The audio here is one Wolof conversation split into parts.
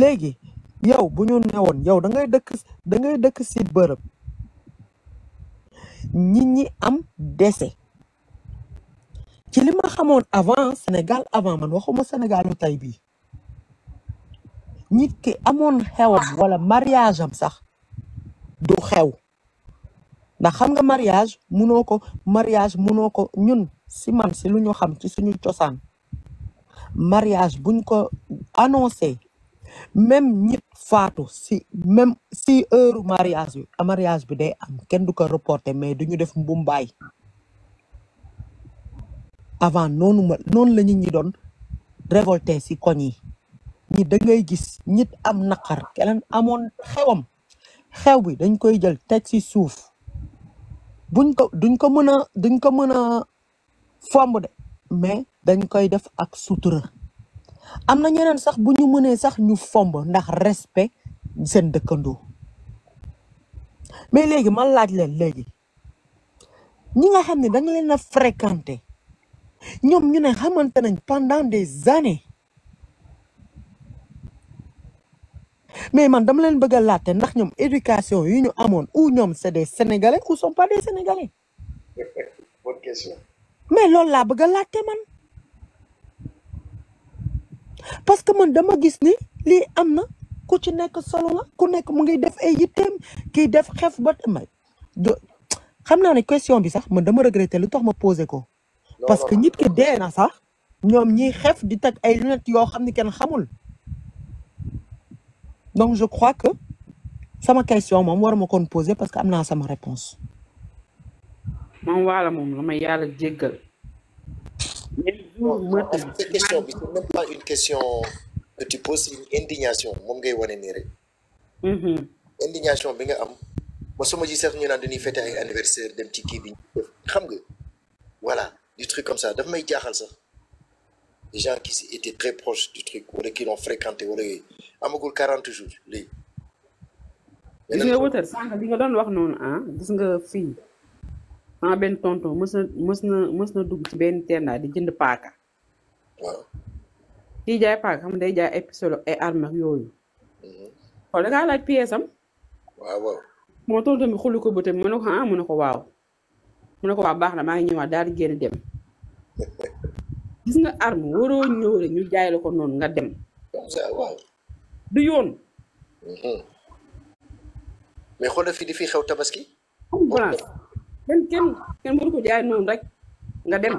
léegi yow bu ñu newoon yow dangay dëkk da dëkk si bërëb nit ñi am dese ci li ma xamoon avant Sénégal avant man waxuma Sénégalu tey bii nit ki amoon xewam wala mariage am sax du xew ndax xam nga mariage munoo ko mariage munoo ko ñun si man si lu ñu xam ci suñu cosaan mariage buñ ko annoncé même ñit faatu si même si heure mariage bi ah, mariage bi day am kenn du ko reporter mais duñu def mbumbaay avant noonu ma la nit ñi doon révolté si koñ yi ñi da ngay gis ñit am naqar keneen amoon xewam xew bi dañ koy jël teg si suuf buñ ko duñ ko mën a duñ ko mën a fomb de mais dañ koy def ak sutura am na ñeneen sax bu ñu mënee sax ñu fomb ndax respect seen dëkkandoo mais léegi ma laaj leen léegi ñi nga xam ne dañ leen a fréquenté ñoom ñu ne xamante nañ pendant des années mais man dama leen bëgg laate ndax ñoom éducation yi ñu amoon ou ñoom c'est des sénégalais ou sont pas des sénégalais. mais loolu laa bëgg a man. parce que man dama gis ni li amna na ku ci nek solo la ku nekk mu ngi def ay yitteem ki def xef ba may xam question bi sax man dama regretter lu tax ma posé ko parce que nit ki dee na sax ñom ñi xef di tak ay lunettes yo xamni ken xamul donc je crois que sama question mom war ma kon poser parce que amna sama réponse mom wala mom lamay yalla yàlla bon en fait question c'est même pas une question que tu poses c'est une indignation moom ngay wane nii rek. Mm-hmm. indignation bi nga am ba su ma gisee ñu naan dañuy fêter ay anniversaire dem ci kii bi xam nga voilà du truc comme ça daf may jaaxal sax les gens qui étaient très proches du truc ou qui l'ont fréquenté wala yooyu amagul 40 jours léegi. mais nag gis nga wutal sànq li nga doon wax noonu ah gis nga fii. sama benn tonton mës na mës na mës na dugg ci benn teendaay di jënd paaka. waaw. kii jaay paaka xam day jaay ay pistolet ay armes ak yooyu. Mm-hmm. xool da ngaa laaj pièce moo tonton bi xulli ko bëtam mu ne ko ah mu ne ko waaw. mu ne ko waaw baax na maa ngi ñëwaat daal di dem. gis nga arme waroo ñëw ñu jaay la ko noonu nga dem. du yoon. Mm-hmm. mais xoolal fii fi xew tabaski. ken ken ken waru ko jaay non rek nga dem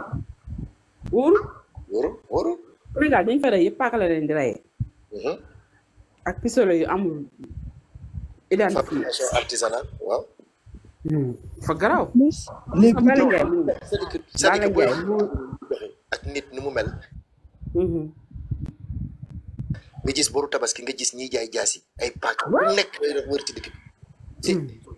wor wor wor wóoru Sénégal dañ fa ray yepp paaka la leen di hmm ak pistolet yu amul identification artisanal waaw hmm fa garaaw léegi Balla Ndiaye Balla Ndiaye ak nit ni mu mel hmm mi gis boru tabaski nga gis ñiy jaay jaasi ay paaka bu nekk lay def wër ci dëkk bi hmm.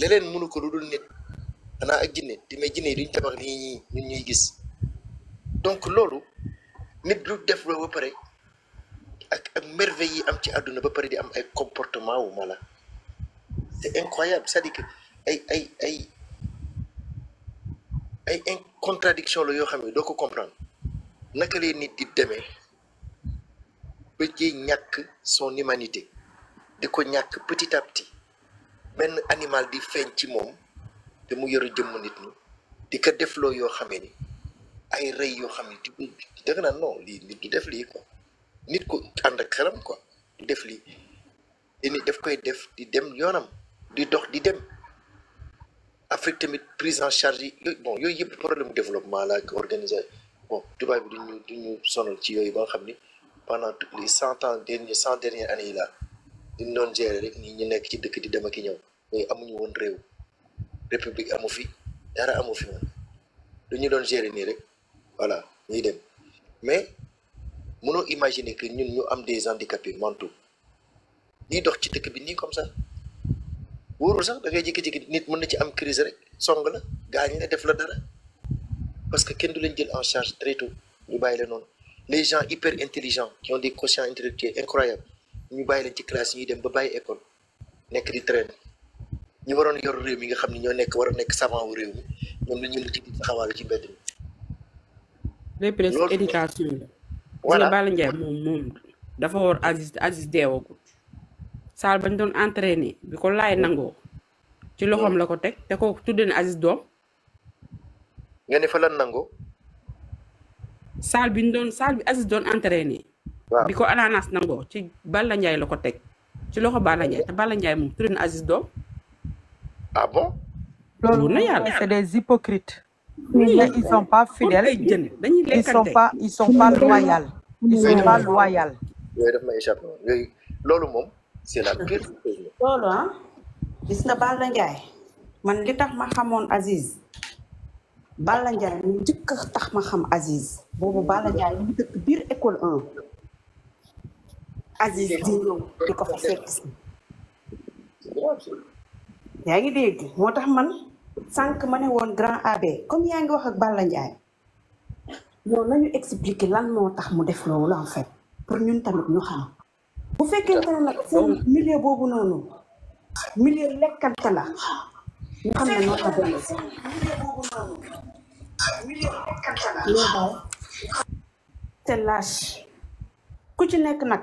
leneen mënu ko lu nit xanaa ak jinne di may jinne yi duñ tabax nii ñii ñun ñuy gis donc loolu nit lu def loo ba pare ak ak merveille yi am ci àdduna ba pare di am ay comportement wu mala c'est incroyable c'est-à-dire que ay ay ay ay in contradiction la yoo xam ne doo ko comprendre naka lay nit di demee ba jëy ñàkk son humanité di ko ñàkk petit à petit ben animal di feñ ci mom te mu yoru jëmm nit ñi di ko defloo yo xamé ni ay reuy yo xamé ne deug na non li nit du def li ko nit ko and ak xelam ko du def li te nit daf koy def di dem yonam di dox di dem Afrique tamit prise en charge bon yooyu yëpp problème développement la ak bon dubai bi duñu duñu sonal ci yoy ba nga pendant les 100 ans derniers 100 dernières années là diñ doon gérer rek nii ñu nekk ci dëkk di dem ki ñëw yooyu amuñu woon réew république amu fi dara amu fi woon lu ñu doon gérer nii rek voilà ñuy dem mais mënoo imaginer que ñun ñu am des handicapés mentaux ñuy dox ci dëkk bi nii comme ça wóorul sax da ngay nit mën na ci am crise rek song la gaañ la def la dara parce que kenn du leen jël en charge très tôt ñu bàyyi la noonu les gens hyper intelligents qui ont des quotients intellectuels incroyables ñu bàyyi leen ci classe ñuy dem ba bàyyi école nekk di traîner ñu waroon yor réew mi nga xam ne ñoo nekk war a nekk savant wu réew mi ñoom la ñu mujj di taxawal ci mbedd mi. lépp rek éducation la. dafa war Aziz Aziz deewagut bañ doon entraîner bi ko laay hmm. nangoo ci loxoom hmm. la ko teg te ko tuddee na Aziz doom. nga ne fa lan nangoo. saal bi ñu doon saal bi Aziz doon entraîner. bi ko Ananas nango ci Balla Ndiaye lako tek ci loxo Balla Ndiaye ta Balla Ndiaye moom tuddee Aziz dom ah bon. loolu na yalla c'est des hypocrites. ils ne sont pas fidèles. ils sont pas ils sont pas loyal ils sont pas loyal ngay def ma échappé yooyu mom c'est la pire. loolu hein ah, gis na Balla Ndiaye man li tax ma xamone Aziz. Balla Ndiaye mu njëkk tax ma xam Aziz bobu Balla Ndiaye mu dëkk bir école 1. Aziz Diop yaa ngi dégg moo tax man sànq ma ne woon grand AB comme yaa ngi wax ak Balla njaay yow nañu expliquer lan moo tax mu def loolu en fait pour ñun tamit ñu xam bu fekkente ne nag seen milieu boobu noonu milieu lekkante la ñu xam ne noo te lâche ku ci nekk nag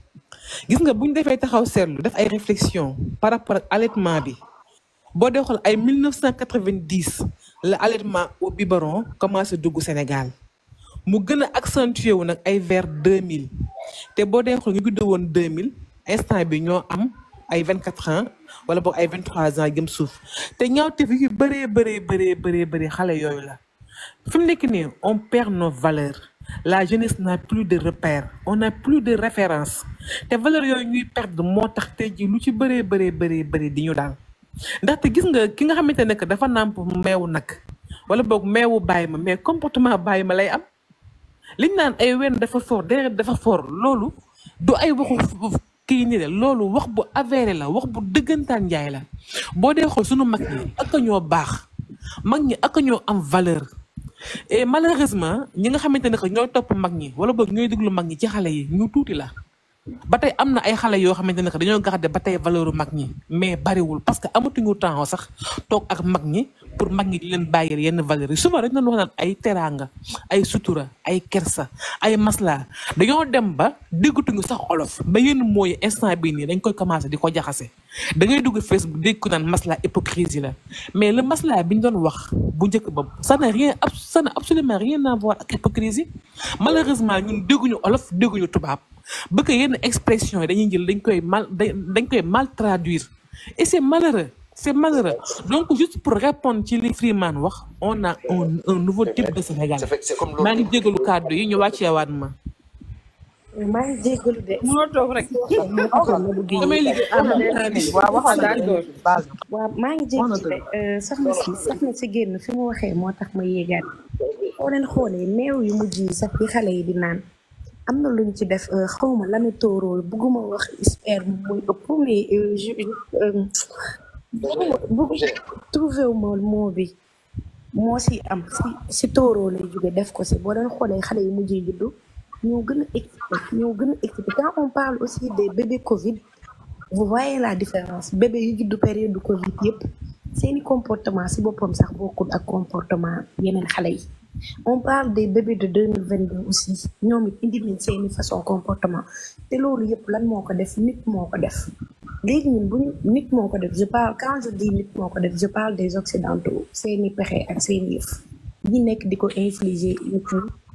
gis nga bu defee taxaw seetlu def ay réflexion par rapport ak allaitement bi boo dee ay 1990 la allaitement au biberon commencé dugg Sénégal mu gën a accentué wu nag ay vers 2000 te boo dee ñu juddoo woon 2000 instant bi ñoo am ay 24 ans wala boog ay 23 ans jëm suuf te ñaawteef yu bëree bëree bëree bëree bëri xale yooyu la fi mu nekk nii on perd nos valeurs. la jeunesse n'a plus de repères on n'a plus de référence te valeur yooyu ñuy perdre moo tax tey jii lu ci bëree bëree bëree bëri di ñu daan ndaxte gis nga ki nga xamante ne que dafa nàmp meewu nag wala boog meewu bàyyi ma mais comportement bàyyi ma lay am liñ naan ay wenn dafa fort deret dafa fort loolu du ay waxu kii nii loolu wax bu avéré la wax bu dëggantaan njaay la boo dee xool sunu mag ñi ak ñoo baax mag ñi ak ñoo am valeur et malheureusement ñi nga xamante ne que ñooy topp mag ñi wala boog ñooy déglu mag ñi ci xale yi ñu tuuti la ba tey am na ay xale yoo xamante ne que dañoo garder ba tey valeur mag ñi mais bariwul parce que amatuñu temps sax toog ak mag ñi pour mag ñi di leen bàyyi yenn valeur yi souvent dañu doon wax naan ay teraanga ay sutura ay kersa ay masla dañoo dem ba déggatuñu sax olof ba yenn mooy instant bii nii dañ koy commencé di ko jaxase. da ngay dugg Facebook dégg ko naan masla hypocrisie la mais le masla bi ñu doon wax bu njëkk ba ça n'a rien ça n'a absolument rien à voir ak hypocrisie malheureusement ñun dégguñu olof dégguñu tubaab bëgg yenn expression yi dañuy jël dañ koy mal dañ koy mal traduire et c'est malheureux c'est malheureux donc juste pour répondre ci li Freeman wax on a un un nouveau type de Sénégal maa ngi jégalu kàddu yi ñu wàcceewaat ma maa ngi jégalu de. mënoo toog rek. damay liggéey. waaw maa ngi jégalu de euh, si génn fi mu waxee moo tax ma yéegaat. foo leen xoolee meew yu mujj yi sax yi xale yi di naan am na luñ ci def euh, xawma lami tóoroo bugguma wax espère muy ëpp mais euh, bugg trouvé moo bi moo ci am si si tóoroo lay jóge def ko si boo leen xoolee xale yi mujj yi juddu quand on parle aussi des bébés Covid vous voyez la différence bébé qui du période du Covid c'est un comportement c'est boppam ça beaucoup ak comportement yeneen xale yi on parle des bébés de 2022 aussi Nous c'est une façon de façon comportement C'est loolu yep lan moo ko def nit fait. def je parle quand je dis nit moo ko def je parle des occidentaux seeni pexe ak Nous avons fait nekk di ko infliger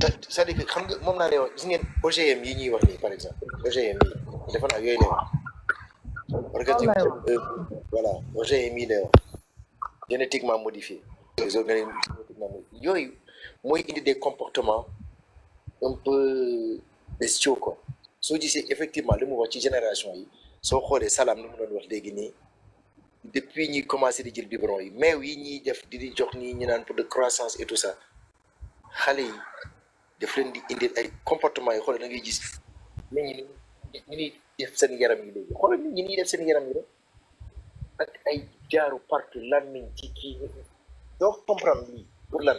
c'est-à-dire que xam OGM yi wax par exemple OGM euh, OGM génétiquement modifié. les organismes modifiés des comportements un peu bestiaux quoi effectivement le génération yi wax depuis commencé di jël biberon yi yi def di de croissance et tout ça def leen di indil ay comportement yi xoolal da ngay gis nit ñi ni ñuy def seen yaram yi léegi xoolal nit ñi ñuy def seen yaram yi rek ak ay jaaru partout làmmiñ ci ki doo comprendre lii pour lan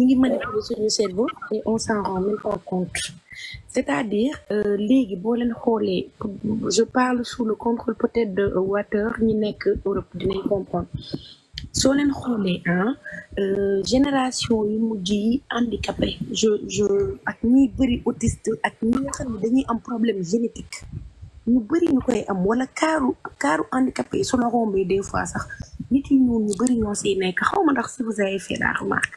ñu ngi manipuler suñu cerveau et on s'en rend même pas compte c'est-à-dire euh, léegi boo leen xoolee je parle sous le contrôle peut-être de Water ni nek Europe dinañ comprendre soo leen hein, euh, génération yu mujj handicapé je je ak ñuy bëri autiste ak ñi nga xam dañuy am problème génétique ñu bari ñu koy am wala kaaru kaaru handicapé yi su la des fois sax nit yi ñu bëri ñoo ci nek xawma ndax si vous avez fait la remarque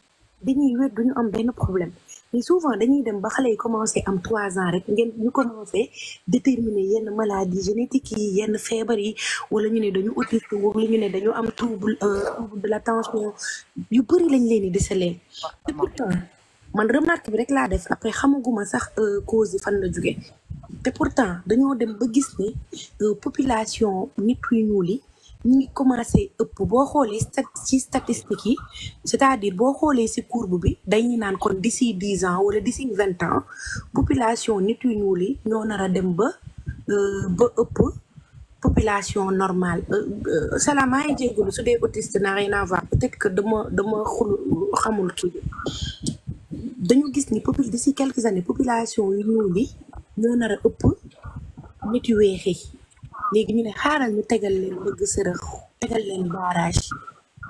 dañuy wér ñu am benn problème mais souvent dañuy dem ba xale yi commencé am trois ans rek ngeen ñu commencé déterminer yenn maladie génétique yi yenn feebar yi wala ñu ne dañu autiste wala ñu ne dañu am trouble euh, trouble de l'attention yu bëri lañ leen di desalee te pourtant man remarque bi rek laa def après xamaguma sax euh, cause yi fan la jóge te pourtant dañoo dem ba gis ni euh, population nit yu ñuul yi ñu ngi commencé ëpp boo xoolee ci statistiques yi c'est-à-dire boo xoolee si courbe bi dañuy naan kon d'ici dix ans wala d'ici vingt ans population nit yu ñuul yi ñoo nar a dem ba euh, ba ëpp population normale euh, euh, Salah maa ngi jégalu su dee autiste n'a rien à voir peut-être que dama dama xul xamul kii dañu gis ni popul d'ici quelques années population yu ñuul yi ñoo nar a ëpp nit yu weex yi léegi ñu ne xaaral ñu tegal leen bëgg sërëx tegal leen barrage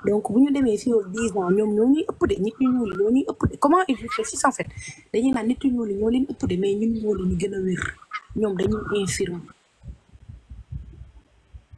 donc bu ñu demee fii woon dix ans ñoom ñoo ñuy ëpp de nit ñu ñuul ñoo ñuy ëpp de comment ils réfléchissent en fait dañuy nit ñu ñuul ñoo leen ëpp de mais ñun ñuul ñu gën a wér ñoom dañuy infirme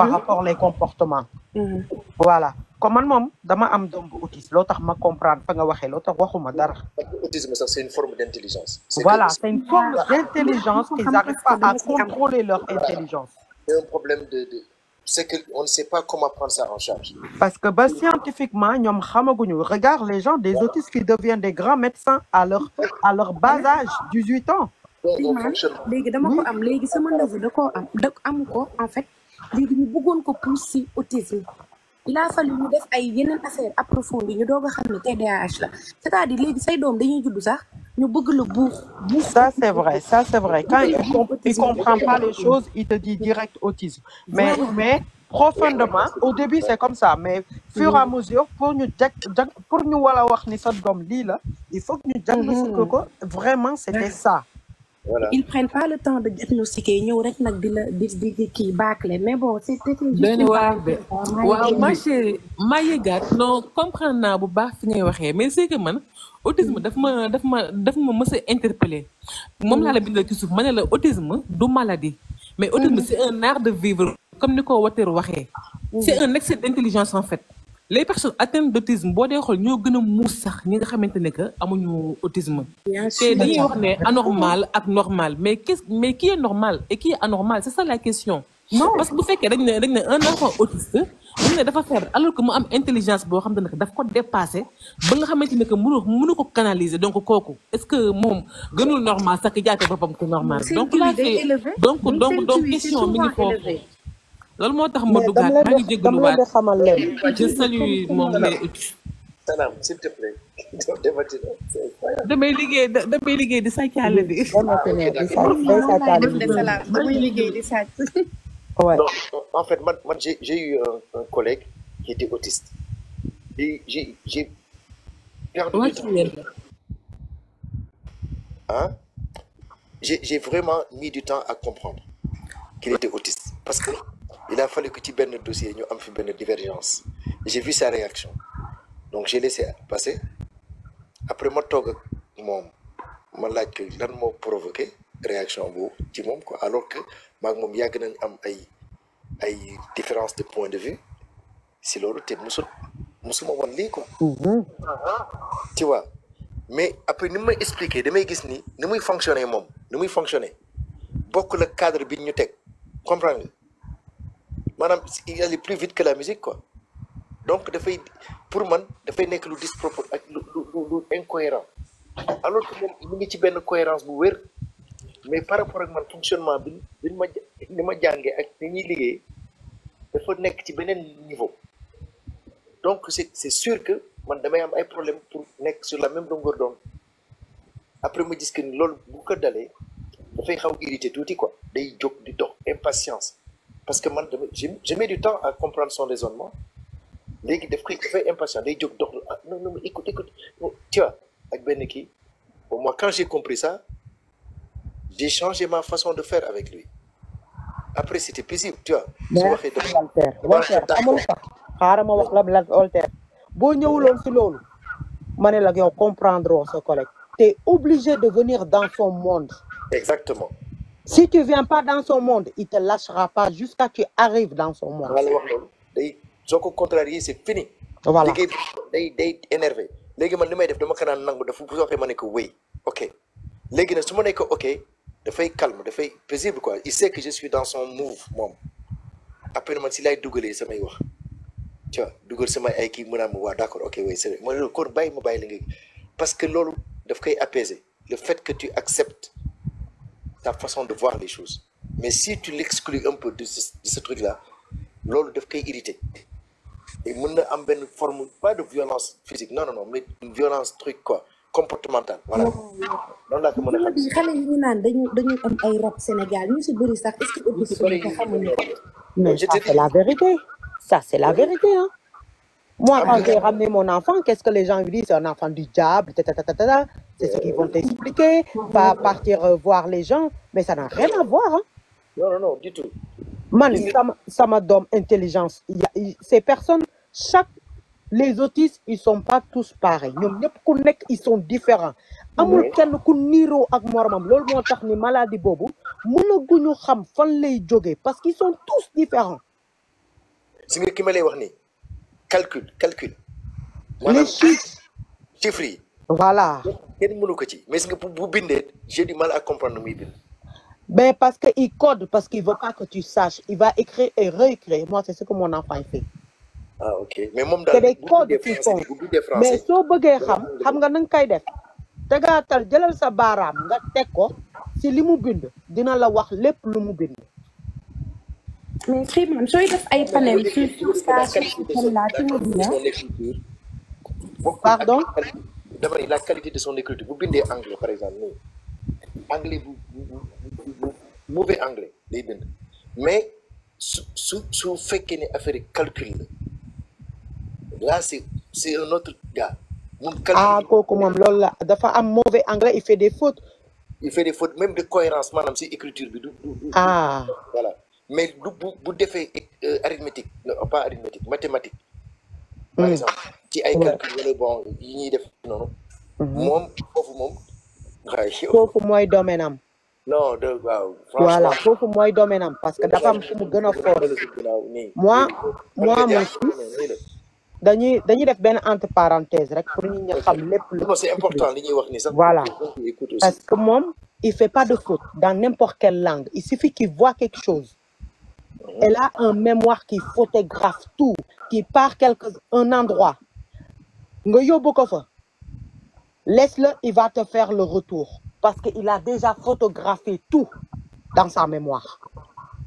par mhm. rapport les comportements mhm. voilà Comment un ce dama am doom autisme ma comprendre fa nga waxee waxuma dara autisme c'est une forme d'intelligence voilà c'est une forme ah. d'intelligence qu'ils n'arrivent pas à contrôler leur intelligence c'est un problème de de c'est que on ne sait pas comment prendre ça en charge parce que bah, scientifiquement ñom xamaguñu regarde les gens des autistes qui deviennent des grands médecins à leur à leur bas âge 18 ans Légui dama ko am légui sama am en fait léegi ñu bëggoon ko si autisme il a fallu ñu def ay yeneen affaire approfondi ñu devons a xam TDAH la c'est-à-dire léegi say doom dañuy judd sax ñu bëgg la buux ça c'est vrai ça c'est vrai quand il comprend pas les choses il te dit direct autisme mais mais profondément au début c'est comme ça mais fur et à mm-hmm. mesure pour ñu jag jag pour ñu wala wax ni sa doom lii la il faut que ñu jag ko mm-hmm. ko vraiment c'était ça voilà ils prennent pas le temps de diagnostiquer ñeu rek nak di di di ki bâcler mais bon c'est c'est juste. benn waaw ben, waaw ma chérie ma yëgaat non comprendre na bu baax fi ngay waxé mais c'est que man autisme daf ma daf ma daf ma mës interpeller interpellé la la bindal ci suuf mané la autisme du maladie. mais autisme mhm. c'est un art de vivre comme ni ko Wateer waxee. Mhm. un excès d'intelligence en fait les personnes atteintes d'autisme boo dee xool ñoo gën muus sax ñi nga xamante que amuñu autisme. C'est dañuy wax né anormal ak normal mais qu'est-ce mais qui est normal et qui est anormal c'est ça la question. non parce que bu fekkee dañ ne dañ ne un enfant autiste mu ne dafa feebar alors que mu am intelligence boo xam ne daf ko dépassé ba nga xamante ne que mënu mënu ko canaliser donc kooku est-ce que moom gënul normal sax jàppe boppam ko normal. donc la donc donc donc question mi ngi foofu loolu motax tax ma duggaat maa ngi jégalu waat je salue moom mais salam s'il te plaît damay liggéey damay liggéey di sàccaale di damay liggéey di sàcc en fait moi, man j'ai eu un collègue qui était autiste et j'ai j'ai perdu hein j'ai vraiment mis du temps à comprendre qu'il était autiste parce que il a fallu que ci un dossier nous am fi une divergence j'ai vu sa réaction donc j'ai laissé passer après je me suis dit ma je ko lan provoqué réaction bu ci alors que ma moom yàgg nañ am différence de point de vue si loolu te musul musuma woon lii quoi mhm. tu vois mais après je vais expliquer je gis ni ni pas fonctionner ne ni pas fonctionner Beaucoup le cadre bi ñu tu manam il allait plus vite que la musique quoi donc fay pour man fay nek lu dispropor ak lu lu lu incohérent alors que moom mu ngi ci ben cohérence bu wér mais par rapport ak man fonctionnement bi bi ma li ma jàngee ak ni liggé da fa nek ci benen niveau donc c'est c'est sûr que man damay am ay problème pour nek sur la même longueur d'onde après ma gis que ni bu ko da fay xaw irrité touti quoi day jóg di dox impatience parce que man je mets du temps à comprendre son raisonnement léegi daf koy très impatient day jóg dox ah, non non écoute écoute tu vois avec Ben kii bon moi quand j'ai compris ça j'ai changé ma façon de faire avec lui après c'était paisible tu vois. su waxee dëgg Walter Walter amul sax xaaral pas. Si la Black Walter boo ñëwuloon si loolu ma ne yow comprendre ce collègue. es obligé de venir dans son monde. exactement. Si tu ne viens pas dans son monde, il ne te lâchera pas jusqu'à ce que tu arrives dans son monde. soo ko contrarier c'est fini. voilà léegi day énervé léegi man li may def dama ko naan nangu dafa bu soo xee ko wéy ok léegi nag su ma ne ko ok dafay calme dafay paisible quoi il sait que je suis dans son move moom après man si laay dugalee samay wax tu vois dugal sama ay kii mën naa ma D'accord, ok oui c'est est vrai ma ne kon bàyyi ma parce que loolu daf koy apaiser le fait que tu acceptes façon de voir les choses mais si tu l'exclus un peu de ce, truc là irrité et forme pas de violence physique non non mais une violence truc quoi comportemental voilà oh. la vérité ça c'est la vérité hein. Moi, ah, quand j'ai ramené mon enfant, qu'est-ce que les gens lui disent C'est un enfant du diable, c'est ce qu'ils vont t'expliquer, Va euh. partir euh, voir les gens, mais ça n'a rien à voir. Hein. Non, non, non, du tout. Man, ça m'a donné intelligence. Il a, ces personnes, chaque, les autistes, ils ne sont pas tous pareils. Ils sont différents. amul kenn ku ak parce qu'ils sont tous différents calcul calcul. Les chiffres. voilà. mais c'est ce que j'ai du mal à comprendre Mais Ben parce qu'il code, parce qu'il ne veut pas que tu saches. Il va écrire et réécrire. Moi, c'est ce que mon enfant fait. Ah, ok. Mais mon C'est Mais si tu veux tu sais ce que tu Tu tu as Si tu tu mais que je def ay panel ci saa su xel laa pardon dama la qualité de son écriture vous bindee anglais par exemple anglais vous... mauvais anglais les bind mais sous fait qu'il a fait affaire calcul là c'est c'est un autre gars ah comment, lol là. la un mauvais anglais il fait des fautes il fait des fautes même de cohérence madame, c'est écriture ah voilà mais vous faites bu euh, arithmétique pas arithmétique mathématique. par hmm. exemple si ay calcul wala bon yi ñi def non. Hmm. moom foofu moom. Pour moi, domaine am. non de voilà pour moi, domaine am parce que dafa am fu mu fort. moi moi mon fils dañuy dañuy def entre parenthèse rek pour ñu xam lepp c'est important li ñuy wax ni voilà parce que mom il fait pas de faute dans n'importe quelle langue il suffit qu'il voit quelque chose elle a un mémoire qui photographe tout, qui part quelque, un endroit. Laisse-le, il va te faire le retour. Parce qu'il a déjà photographié tout dans sa mémoire.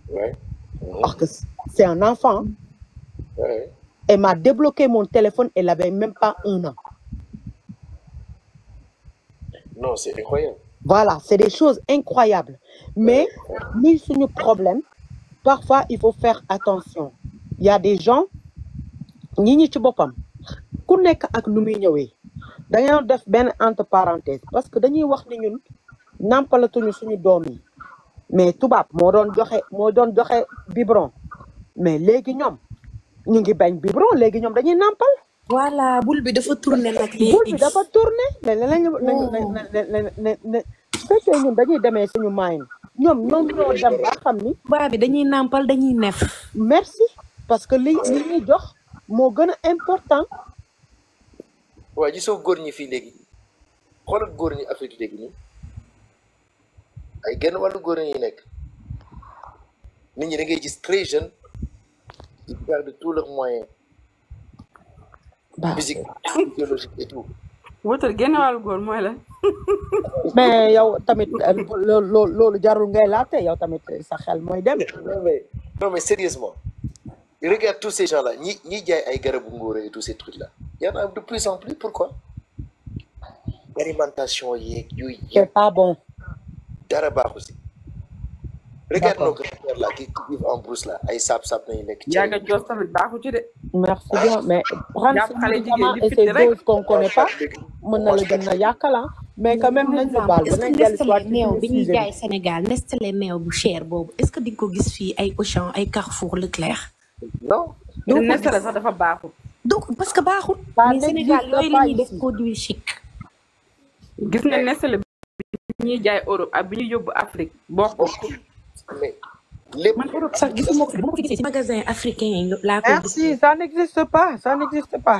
Ouais. Mhm. que c'est un enfant. Ouais. Elle m'a débloqué mon téléphone, elle n'avait même pas un an. Non, c'est incroyable. Voilà, c'est des choses incroyables. Mais, nous, c'est un problème parfois il faut faire attention il y a des gens ñi ñi ci bopam ku nekk ak nu muy pas def entre parenthèse parce que dañuy wax ni ñun suñu doom mais mo doon joxé mo doon biberon mais légui ñom ñu ngi bañ biberon légui ñom dañuy nampal voilà boule dafa tourner nak boule dafa tourner mais ne ne ne ne dañuy suñu ñoom ñoom ñoo dem ba xam ni. baa bi dañuy nampal dañuy neef. merci parce que li li ñuy jox moo gën a important. waaw gisoo góor ñi fii léegi xoolal góor ñi Afrique léegi nii ay genn wàllu góor ñi nekk nit ñi da ngay gis très jeune ils perdent tous leurs moyens. musique bah. physiologique et tout wutal góor mooy mais yow tamit euh, jarul ngay yow tamit sa xel mais sérieusement regarde tous ces gens là tous ces trucs là y en a de plus en plus pourquoi. alimentation c'est pas bon. regarde nos grands qui vivent en brousse là merci mais. prendre et ces qu'on connaît pas mën na la gën a yàqala ah. mais quand même nañ ko baal dinañ dellusiwaat meew bi ñuy jaay Sénégal Nestlé meew bu cher boobu est-ce que di nga ko gis fii ay Auchan ay Carrefour Leclerc. non Nestlé sax dafa baaxul. donc parce que baaxul. Bah, mais Sénégal yooyu la ñuy def produit chic. gis nga Nestlé bi ñuy jaay Europe ak bi ñuy yóbbu Afrique bokkul. man Europe sax gisuma ko bu ko gisee ci magasin africain yi laa merci ça n'existe pas ça n'existe pas.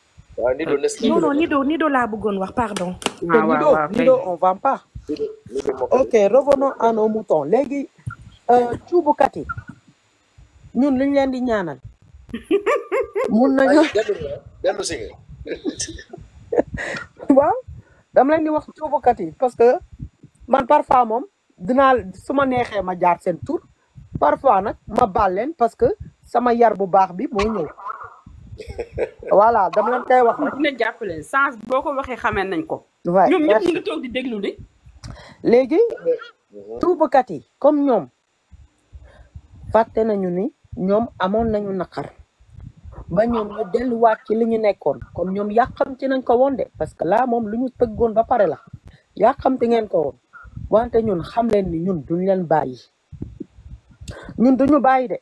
non non Nido Nido laa bëggoon pardon. Ah, Nido, Nido on va pas. ok revenons à nos moutons léegi euh, cuubukat yi ñun liñ leen di ñaanal. mun nañu dellu si waaw dama leen di parce que man parfois moom dinaa su ma ma jaar seen tur parfois nag ma baal parce que sama yar bu baax bi moo ñëw. voilà dama leen wax rek. jàppale sens boo ko waxee xamee nañ ko. waay ñoom ñëpp ñu léegi. tuubakat yi comme ñoom. fàtte nañu ni ñoom amoon nañu naqar. ba ñoom ñu delluwaat ci li ñu nekkoon comme ñoom yàqamti nañ ko woon de parce que laa moom lu ñu tëggoon ba pare la. yàqamti ngeen ko woon. wante ñun xam leen ni ñun duñ leen bàyyi. ñun duñu bàyyi de.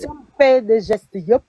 seen de geste yëpp.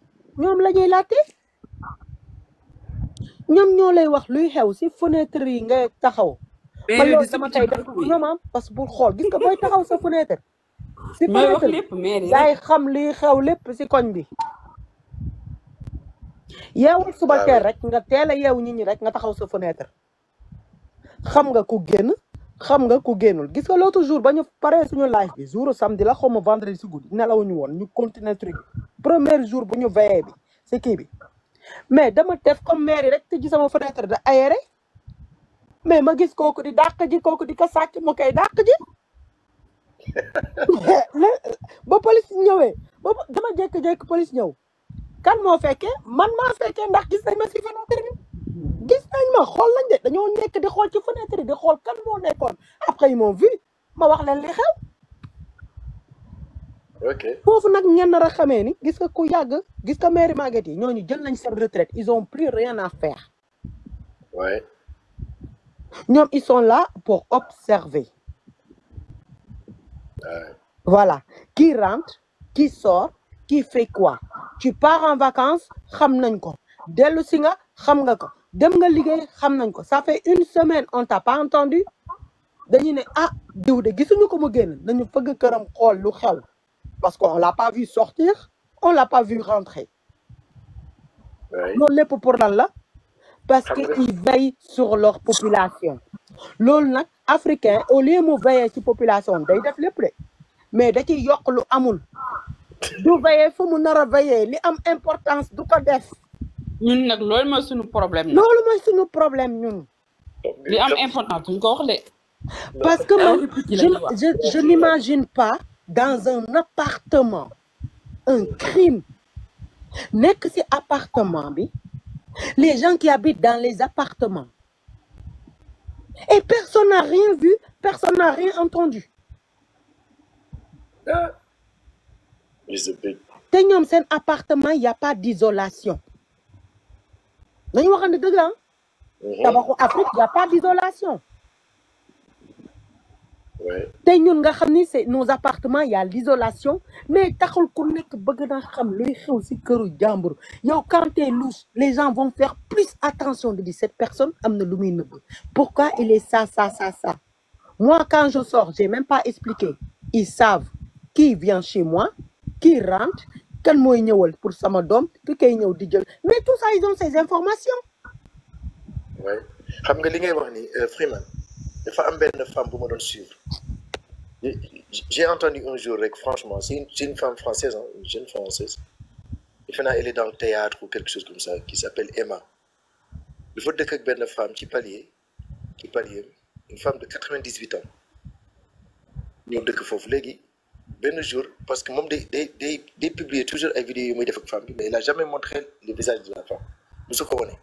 ñoom la ñuy laajte ñoom ñoo lay wax luy xew si fenêtre yi nga taxaw. ba loolu sama tey daf ñoom que bul xool gis nga booy taxaw sa fenêtre. si fenêtre yaay xam liy xew lépp si koñ bi. yeewul suba teel rek nga teel a yeew nit ñi rek nga taxaw sa fenêtre xam nga ku génn. xam nga ku génnul gis nga l'autre jour ba ñu paree suñu live bi jour samedi la xaw ma vendredi si guddi nelawuñu woon ñu continuer truc premier jour bu ñu veillé bi si kii bi mais dama def comme mairie rek te ci sama fenêtre da aéré mais ma gis kooku di dàq ji kooku di ko sàcc mu kay dàq ji ba police ñëwee ba dama jékki-jékki police ñëw kan moo fekkee man maa fekkee ndax gis nañ ma si fenêtre bi gis nañ ma xol lañ de dañoo nekk di xool ci fenêtre di xool kan moo nekkoon après ils m'ont vu ma wax leen li xew. ok foofu nag ñenn ra xamee ni gis nga ku yàgg gis nga mairie Maguette yi ñooñu jël nañ seen retraite ils ont plus rien à faire. ouais ñoom ils sont là pour observer. voilà qui rentre qui sort qui fait quoi. tu pars en vacances xam nañ ko dellu si nga xam nga ko dem nga liggéey xam nañ ko ça fait une semaine on t'a pas entendu dañu né ah diou de gisuñu ko mu génn nañu feug këram xol lu xew parce qu'on l'a pas vu sortir on l'a pas vu rentrer Non lepp pour dal la parce que ils veillent sur leur population loolu nak africain au lieu mu veiller ci population day def lepp de mais da ci yok lu amul du veiller fu mu nar veiller li am importance du ko def ñun nag loolu mooy problème Nous loolu mooy suñu problème ñun. li am importance ñu ko wax parce que je je n'imagine pas dans un appartement un crime nekk que appartement bi les gens qui habitent dans les appartements et personne n'a rien vu personne n'a rien entendu. te ñoom seen appartement il y a pas d'isolation nous avons ne gens. Afrique n'y a pas d'isolation. nos appartements il y a l'isolation mais quand tu es quand louche les gens vont faire plus attention de cette personne pourquoi il est ça ça ça ça moi quand je sors je n'ai même pas expliqué ils savent qui vient chez moi qui rentre kan mooy eu pour sama doom ki kay ñëw di jël mais tout ça ils ont ces informations. oui xam nga li ngay wax ni euh, Freeman dafa am une femme bu me suivre j'ai entendu un jour franchement c'est une femme française hein, une jeune française elle est dans le théâtre ou quelque chose comme ça qui s'appelle Emma Il dëkk ak une femme qui palier qui palier une femme de 98 ans femme de foofu léegi ben jour parce que mom day day day publier toujours ay vidéo yu muy def ak femme mais il a jamais montré le visage de la femme musu ko wane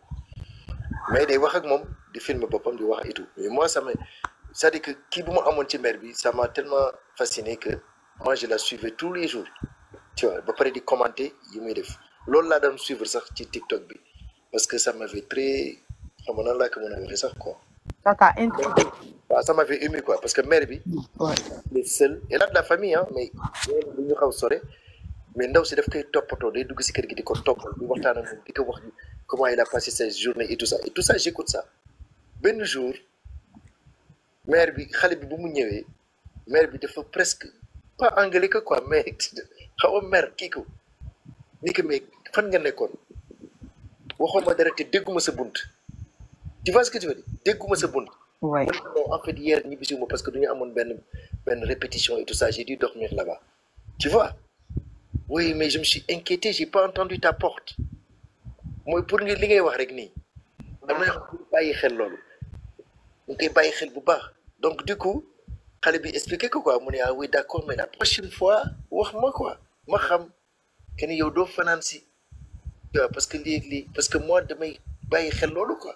mais day wax ak mom di filmer bopam di wax et tout mais moi ça me c'est-à-dire que qui bu ma ci mère bi ça m'a tellement fasciné que moi je la suivais tous les jours tu vois ba pare di commenter yi muy def loolu la doon suivre ça ci TikTok bi parce que ça m'avait très comment on la laa on mën ça. ça t'a intrigué waaw bah, ça m'avait ému quoi parce que mère bi. waaw les seuls elle a de la famille hein, mais bu ñu xaw sore mais ndaw si daf koy topato day dugg ci kër gi di ko toppal di waxtaan ak di ko wax comment il a passé ses journées et tout ça et tout ça j'écoute ça ben jour mère bi xale bi bu mu ñëwee mère bi dafa presque pas anglais que quoi mais xaw mère kiko ni que mais fan nga nekkoon waxoon ma dara te dégguma sa bunt tu vois ce que tu veux dire dégguma sa bunt en fait, hier, parce que nous avons une répétition et tout ça, j'ai dû dormir là-bas. Tu vois Oui, mais je me suis inquiété, j'ai pas entendu ta porte. pour donc, du coup, xale bi quoi ah d'accord mais la prochaine fois moi quoi Je que parce que parce que moi damay quoi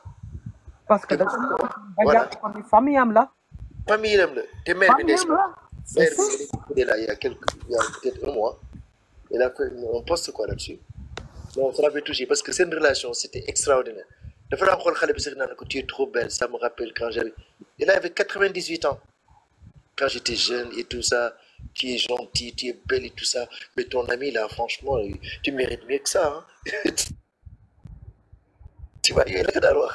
parce que dans jàpp ko famille am famille am la te mère bi mère il y a quelques il y a peut-être un mois. et là on un quoi là-dessus. Non, ça m'a touché parce que c'est une relation c'était extraordinaire. il daan xool Khalib que tu es trop belle ça me rappelle quand j'avais il avait 98 ans quand j'étais jeune et tout ça tu es gentil tu es belle et tout ça mais ton ami là franchement tu mérites mieux que ça hein. tu vas y aller d'avoir.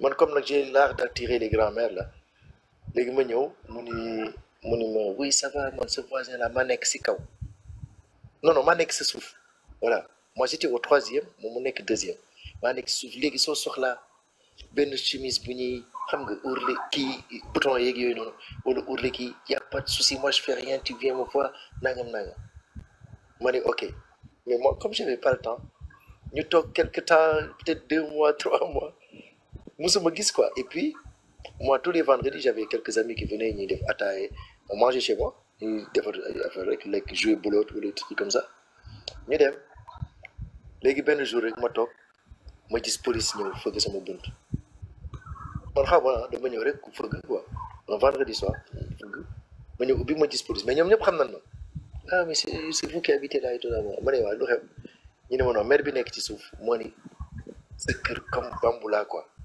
man comme j'ai l'art d'attirer les grands-mères là. Les ma ñëw oui ça va ce voisin là Manek, c'est quoi non non Manek, c'est souffle. voilà moi j'étais au troisième mon mu au deuxième maa souffle, les gens sont sur là. Ben chemise bu ñuy xam nga ourlet bouton yeeg non, noonu wala ourlet il y a pas de souci moi je fais rien tu viens me voir nangam nangam ma ok mais moi comme n'avais pas le temps nous avons quelques temps peut-être deux mois trois mois mosuma gis quoi et puis moi tous les vendredis j'avais quelques amis qui venaient ñuy def ataaye chez moi ils devaient ay affaire jouer boulot ou des trucs comme ça mais dem léegi ben, jour rek ma toog ma dis police ñëw fëgg sama bunt man xam nga dama ñëw rek ku fëgg quoi un vendredi soir fëgg ma ñëw ubbi ma gis police mais ñom ñep xam nañ ah mais c'est c'est vous qui habitez là et tout ça ma ne lu xew ñu ne ma non maire bi nekk ci souf moo ni sa kër comme bambula quoi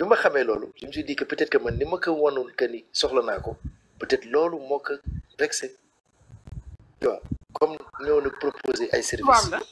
bi ma xamee loolu je me suis dit que peut-être que man ni ma ko wanul que ni soxla naa ko peut-être loolu moo ko vexé comme ñoo na proposé ay services